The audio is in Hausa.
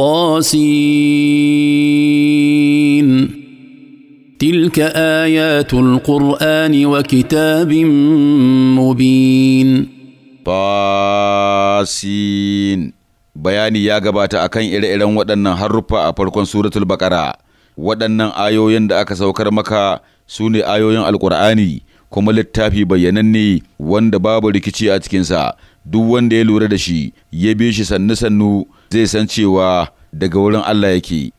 طاسين تلك ايات القران وكتاب مبين طاسين bayani ya gabata akan ire-iren waɗannan haruffa a farkon suratul baƙara waɗannan ayoyin da aka saukar maka su ne ayoyin alƙur'ani kuma littafi bayyananne wanda babu rikici a cikinsa duk wanda ya lura da shi ya bi shi sannu sannu zai san cewa daga wurin Allah yake.